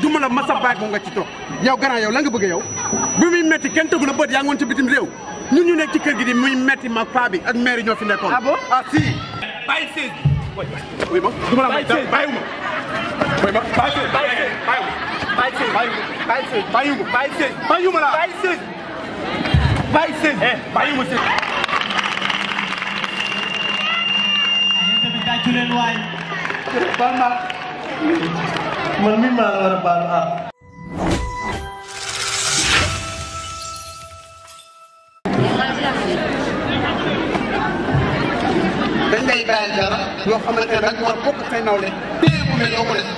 du ma la masa baay moom nga ci toog yow garant yow la nga bëgg yow muy metti kenn tegu la bët yaa ngoon ci bitim réew ñun ñu nekk ci kër gi di muy metti mag paa bi ak maire ñoo fi nekkoon ah bon ah si bàyyi seen bi ma du ma la may eh, bàyyiwu ma bàyyiwu ma bàyyiwu ma la bàyyi man mi maa la war a baalu ah. dañ lay bàyyi dara yoo xamante ne rek war bokk say nawle téye bu mel noo ko def.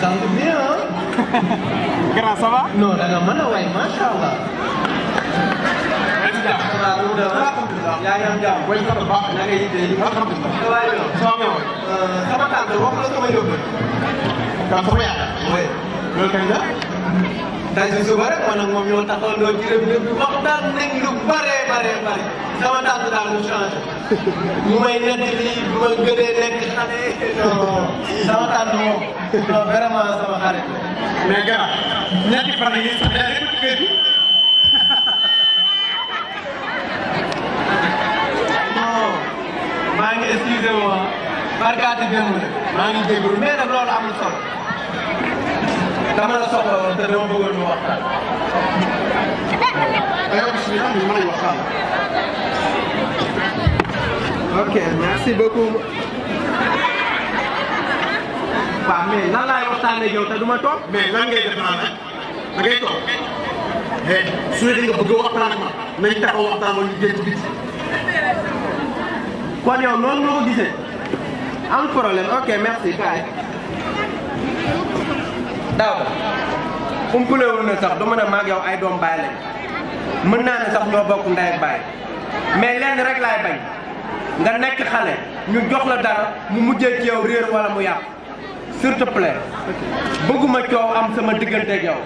sant bien ah. grand ça va. non da nga mën a way macha allah. yaa ngi am jàmm booy sax baax na nga yitee. sama tante wax la sama yóbbu. sama yaakaar. loolu kañ la. tey si suba rek man ak moom ñoo taxawandoo ci réew mi waxtaan nañ lu bare bare bare sama tànk daal mu mu may nekk lii bu sama tànk moom non vraiment sama xarit mais gars ñetti fan maa ngi excusez moi barkaati démb maa ngi jégalu mais nag loolu amul solo non sokola nte ne obugo ni waxtaan ayo bismillah ñu mëna waxtaan ok merci beaucoup waaw mais lan laay waxtaan ak yow te duma toog mais lan ngay def naa nag da ngay toog mais su dee nga bëgg waxtaan ak ma nañ taxaw waxtaan ma ñu jëm ci biti kon yow noonu non, ko gisee am problème ok merci kaay daaw umpulewul na sax du mën a maag yow ay doom baay lañ mën naa ne sax ñoo bokk ndey ak baay mais lenn rek laay bañ nga nekk xale ñu jox la dara mu mujjee ci yow réer wala mu yàqu s'il te bëgguma coow am sama diggante ak yow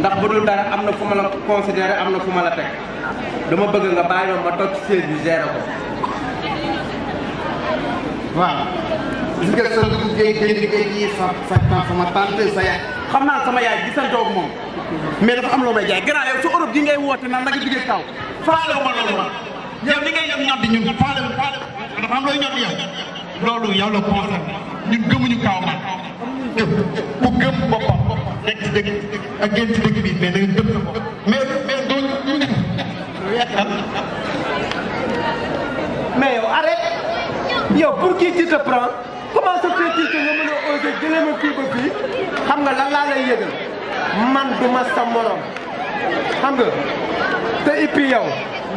ndax bu dul dara am na fu ma la considéré am na fu ma la teg dama bëgg nga bàyyi ma toog ci siège bi ko waaw gis nga sa dugub jëy jëy jëy sa yaay xam naa sama yaay gisantoog moom mais dafa am loo may jaay a yow su Europe gi ngay woote nan la nga jugee taw faale wu ma loolu ma yow li ngay gëmuñu kaw ma ku gëm boppam nekk ci dëkk ak génn ci gëm sa bopp mais mais doo ñu ne mais yow arrête dire que nga mën a osé jëlee ma fii ba fii man du ma sa morom xam nga te et puis yow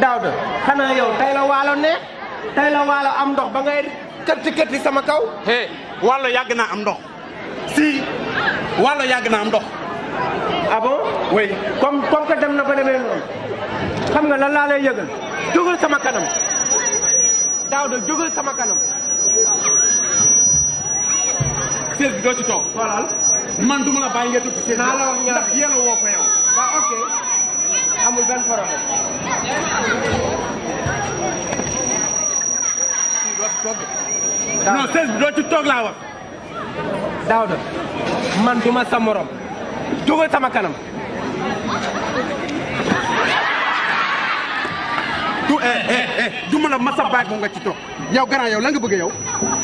Daouda xanaa yow tey la waalo neex tey waalo am ndox ba ngay këtti këtti sama kaw. hey waalo yàgg naa am ndox si waalo yàgg naa am ndox. abo ah bon oui comme comme dem na ba demee noonu xam nga lan laa lay yëgal sama kanam Daouda jógal sama kanam. sées bi doo ci toog. man du ma la bàyyi nga dugg naa la wax ñaar ndax yéen a woo ko amul benn problème. doo ci toog laa wax. Daouda man du ma sa morom. jógal sama kanam. du du ma la baay moom nga ci toog yow garant yow la nga bëgg yow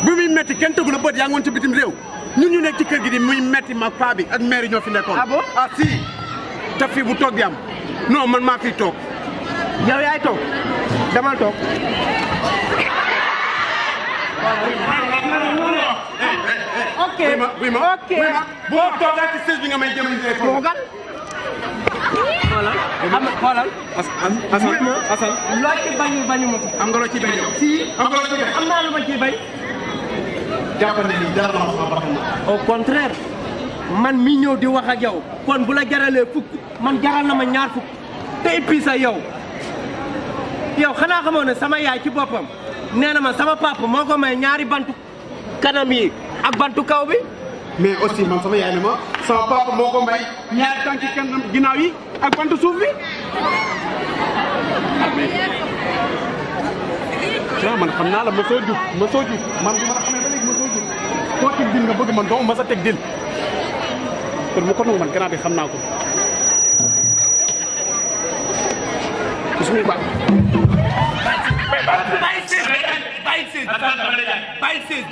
bu muy metti kenn tëggu la yaa ngoon ci bitim réew ñu ñu nekk ci kër gi di muy metti ma paa bi ak maire ñoo fi nekkoon. ah bon ah si. bu toog di noo non man maa fi toog. yow yaay toog damal toog. ok ok boo toogaa ci sées bi nga may jëm ni téléphone. xoolal am xoolal. Assane Assane. loo ci bañu bañu ma ko. am nga loo ci bañ. si am nga loo ci bañ. am naa lu ma ciy jàpp ne lii dara na ma au contraire man mi ñëw di wax ak jaw kon bu la jaralee fukk man jaral na ma ñaar fukk te et puis sax yow yow xanaa xamoon ne sama yaay ci boppam nee na ma sama papa moo ko may ñaari bantu kanam yi ak bantu kaw bi. mais aussi man sama yaay ne ma sama papa moo ko may ñaari tànki kanam ginnaaw yi ak bantu suuf bi. waaw ah, ah, man xam naa la mosoo jub mosoo jub man du ma la xamee koo teg dil nga bëgg man doo ma sa teg dil kon mu ko nangu man gannaaw bi xam naa ko bismillah bàyyi siis bàyyi siis bàyyi siis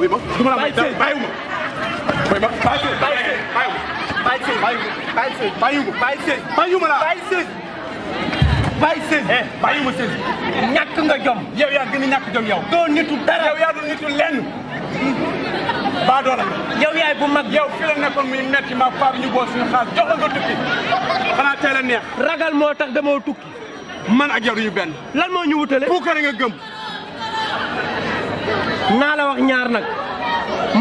oui ma du ma la bàyyi siis bàyyiwu ma oui ma bàyyi siis bàyyi siis eh, bàyyi siis bàyyiwu ma bàyyi siis bàyyiwu ma la bàyyi siis bàyyi siis bàyyiwu ma siis ñàkk nga jom yow yaa gën a ñàkk jom yow doo nitu dara yow yaa du nitu lenn baadoola yow yaay bu mag yaw fi la nekkoon muy metti ma faab ñu boo suñu xaas jox nga tukki xanaa a neex ragal moo tax damoo man ak yow benn lan moo ñu wutale puukare nga gëm naa la wax ñaar nag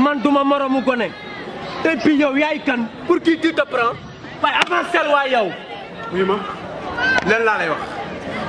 man duma moromu gone et puis yow yaay kan pour qui tu te prends waaye avancel waay yow oui ma leen laa lay wax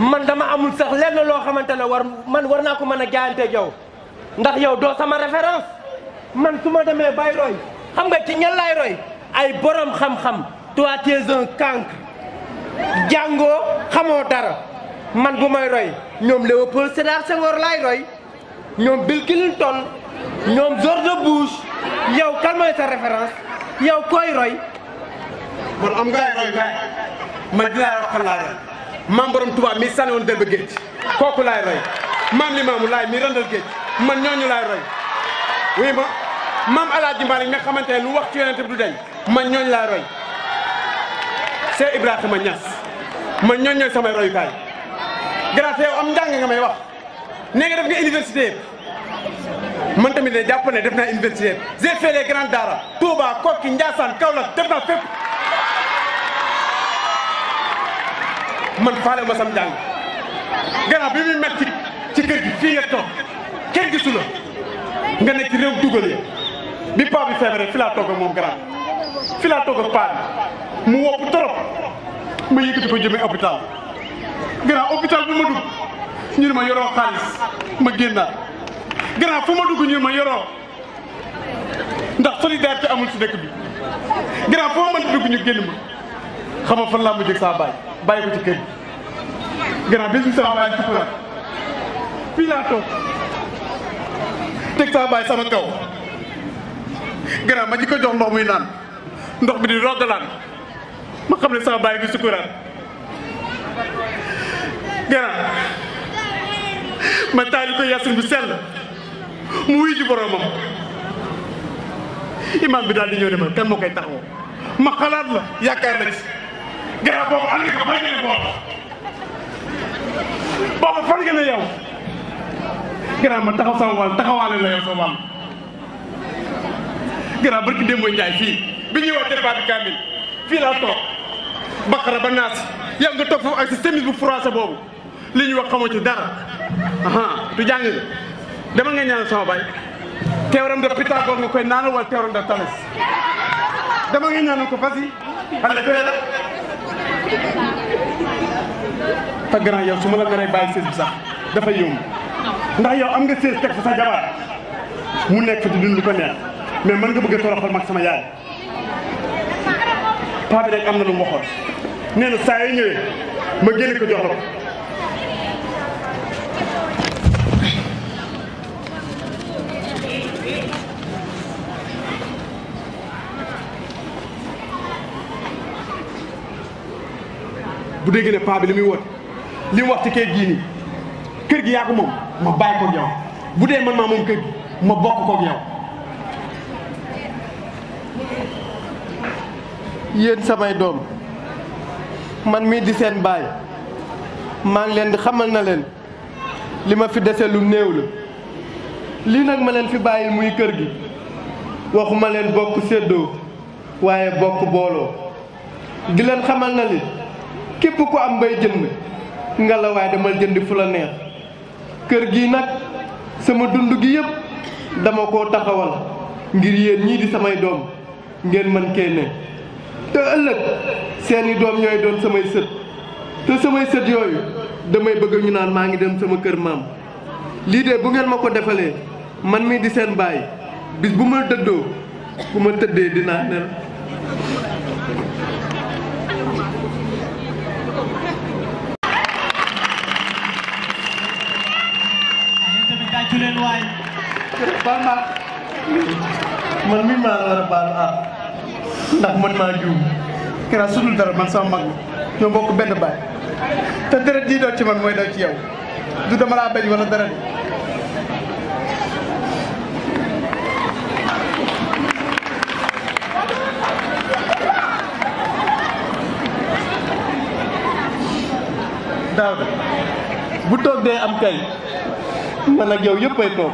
man dama amul sax lenn loo xamante ne war man war naa ko mën a jaayanteeg jaw ndax yow doo sama référence man su ma demee bay xam nga ci ñan laay roy ay borom xam-xam toi tu es jàngoo xamoo dara man bu may roy ñoom Léopold Sédar Senghor laay roy ñoom Bill Clinton ñoom George Bush yow kan mooy sa référence yow koyroy man am nga roy man dinaa wax kan laa maam borom Touba mi sànni woon dërba kooku laay roy maam Limaamu Laay mi rëndal géej man ñooñu laay roy oui ma maam Alaaji Maalik mi nga xamante ne lu wax ci yonent bi du deñ man ñooñu laay roy Cheikh Ibrahima Niass man ñooñu ñooy samay royukaay grâce yow am njàng nga may wax nee nga def nga université yëpp man tamit ne jàpp ne def naa université yëpp j'ai fait les grandes daara Touba kaw la Kaolack def naa fépp man faale ma sam jàng gannaaw bi muy metti ci kër gi fii nga kenn gisu la nga nekk réew dugal yi bi bi feebaree fi laa toog ak moom gannaaw fi laa toog ak paa bi mu wopp torop ma yëkkati ko jëmee hôpital gannaaw hôpital bu ma dugg ñu ma yoroo xaalis ma génnaat gannaaw fu ma dugg ñu ma yoroo ndax solidarité amul si dëkk bi gannaaw foo ma dugg ñu génn ma xama fan laa mujjee saa bàyyi bàyyi ko ci kër gi gannaaw bis bi sama bàyyi ci pulaar fii ma ji jox ndox muy naan ndox bi di rogalaan ma xam ne sama bàyyi bi sukuraat gannaaw ma taali ko yasin bi sell mu wuyu ji imaam bi daal di ñëw ne ma kan moo koy taxawoo ma xalaat la yaakaar na ci Gara boobu ànd nga ko bàyyi nga ne boobu fan nga ne yow taxaw sama wàll taxawaale la yow sama gara barki démb Njaay fii bi ñuy wax débat Kamil fii laa toog Bakara nga ak bu froissé boobu li ñu wax ci dara aha tu jàng nga nga ñaan sama baay théorème de Pythagore nga koy naanal wala théorème de Thalès demal nga ñaanal ko fas te grand yow su ma la naree bàyyi sées bi sax dafa yomb ndax yow am nga sées teg fa sa jabar mu nekk di dund lu ko neex mais mën nga bëgg a toroxal mag sama yaay paa bi nag am na lu mu waxoon nee na saa yu ñëwee ma génne ko jox bu dégg ne paa bi li muy woote li mu wax ci kër gii kër gi yaa ko moom ma bàyyi ko yow bu dee man maa moom kër gi ma bokk ko yow. yéen samay doom man mii di seen baay maa ngi leen di xamal na leen li ma fi dese lu néew la lii nag ma leen fi bàyyi muy kër gi waxuma leen bokk séddoo waaye bokk booloo di leen xamal na li képp ambay am bay jënd nga la waaye demal jënd fu la neex kër gi nag sama dund gi yëpp dama koo taxawal ngir yéen ñii di samay dom, ngeen man kee ne te ëllëg seeni doom ñooy doon samay sët te samay sët yooyu damay bëgg ñu naan maa ngi dem sama kër maam lii de bu ngeen man mii di seen bis bu ma bumer bu ma nel ulama man mi maa war a ndax man kira sudul dara man sama mag ñoo bokk benn baay te deret di doo ci man mooy doo ci yow du dama laa bañ wala dara daaw bu toog am kay man ak yow